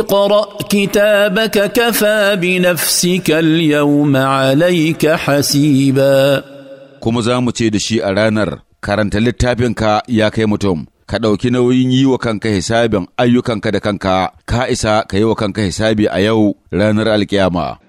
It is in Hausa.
اقرا كتابك كفى بنفسك اليوم عليك حسيبا kuma za mu ce da shi a ranar karanta littafinka ya kai mutum ka ɗauki nauyin yiwa wa kanka hisabin ayyukanka da kanka ka isa ka yiwa kanka hisabi a yau ranar alkiyama